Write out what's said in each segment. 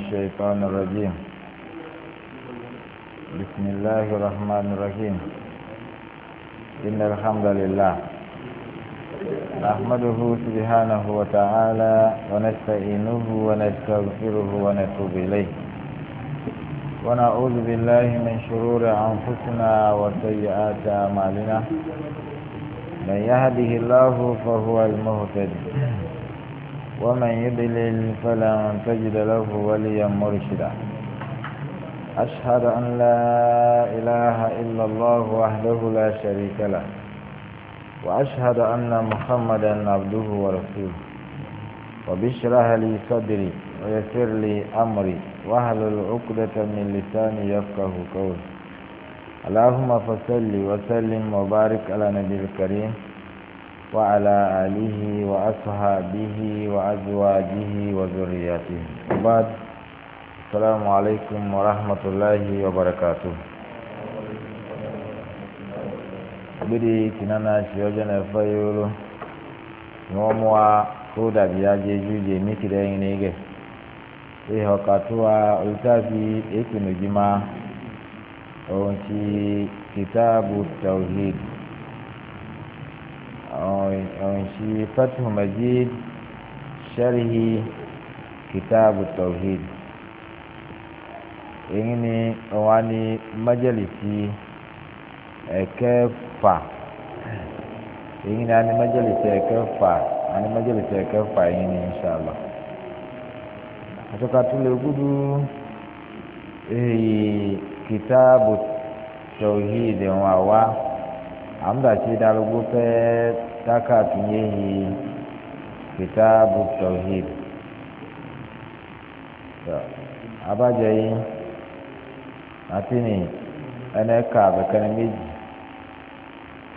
الشيطان الرجيم بسم الله الرحمن الرحيم إن الحمد لله نحمده سبحانه وتعالى ونستعينه ونستغفره ونتوب إليه ونعوذ بالله من شرور أنفسنا وسيئات أعمالنا من يهده الله فهو المهتد ومن يضلل فلن تجد له وليا مرشدا أشهد أن لا إله إلا الله وحده لا شريك له وأشهد أن محمدا عبده ورسوله وبشرها لي صدري ويسر لي أمري وأهل العقدة من لساني يفقه قولي اللهم فصل وسلم وبارك على نبي الكريم وعلى آله وأصحابه وأزواجه وذريته وبعد السلام عليكم ورحمة الله وبركاته bidi kinana shioja na fayulu ni wọn mú wa kó dàbí ajéjú jẹ níkìlẹ yín nígẹ ihò kàtúwa olùtàbí èkìnnìjìmá ohun ti kìtàbù tawhid أنشي فتح مجيد شرح كتاب التوحيد إني واني مجلسي ẹ̀kẹfà èyí ni animajẹlẹsẹ ẹ̀kẹfà animajẹlẹsẹ ẹ̀kẹfà yìí ni inṣàlá àtọkàtúlẹ gudu èyí kìtàbù tọhídì wọn àwa. Amdachi dị alụmdi ƒe takat nye ihe nke ta bukitọ hi abadzọ ịmụ, na tinie, na tinie, enwe ka bekee n'ime dzi.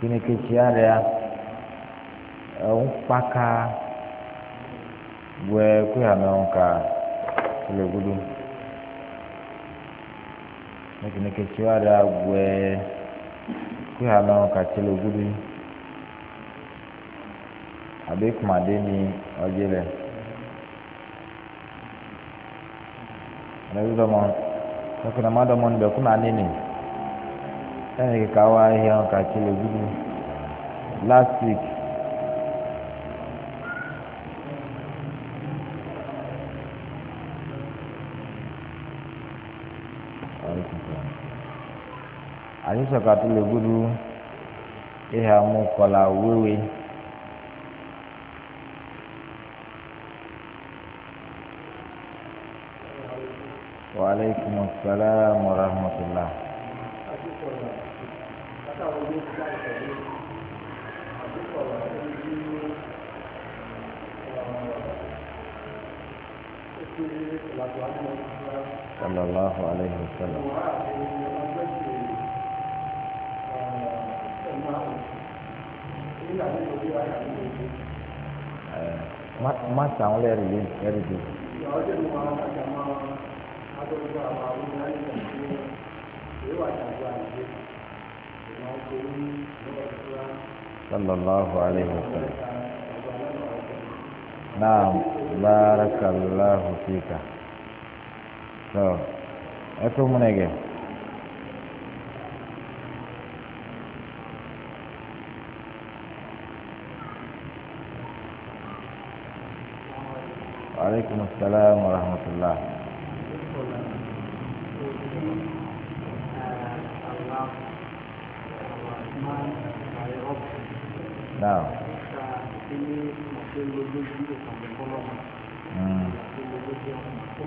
N'i ke n'i ke tsie arịa, e n'ukpaka bu eke ha n'ụlọ nka ebudum. N'i kem'i ke tsie arịa bu fiha lahum katsele gudu abe kuma de ni ɔdzi lɛ ɛnabi dɔmɔ ɛkuna ma dɔmɔ nbɛ kuna nini ɛna keka wa ihe ɔn katsele gudu last week Thank you àtisọ kàtó lè gudu ìhà mú kọlà wéwèé. Waalaikum assalam warahmatullah. Sallallahu alaihi wasallam. má sàwọn lẹ́rù yìí lẹ́rù yìí. sallallahu alayhi wa sallam naam barakallahu fika so ẹtú múnẹgẹ. So, Waalaikumsalam warahmatullahi Nah. Ini hmm.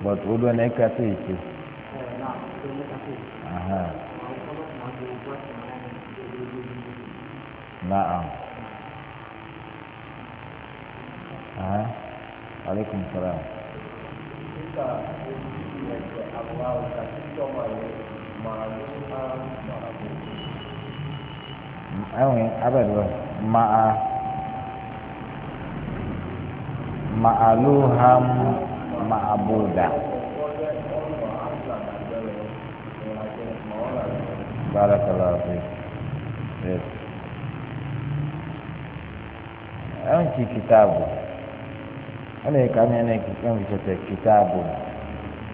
Buat wudu naik ke itu. Nah. Nah. Assalamualaikum warahmatullahi wabarakatuh. Kita ini ma'aluham ma'abuda barakallahu fiik yes. ya kitab ana yi ka ana yana kikan wita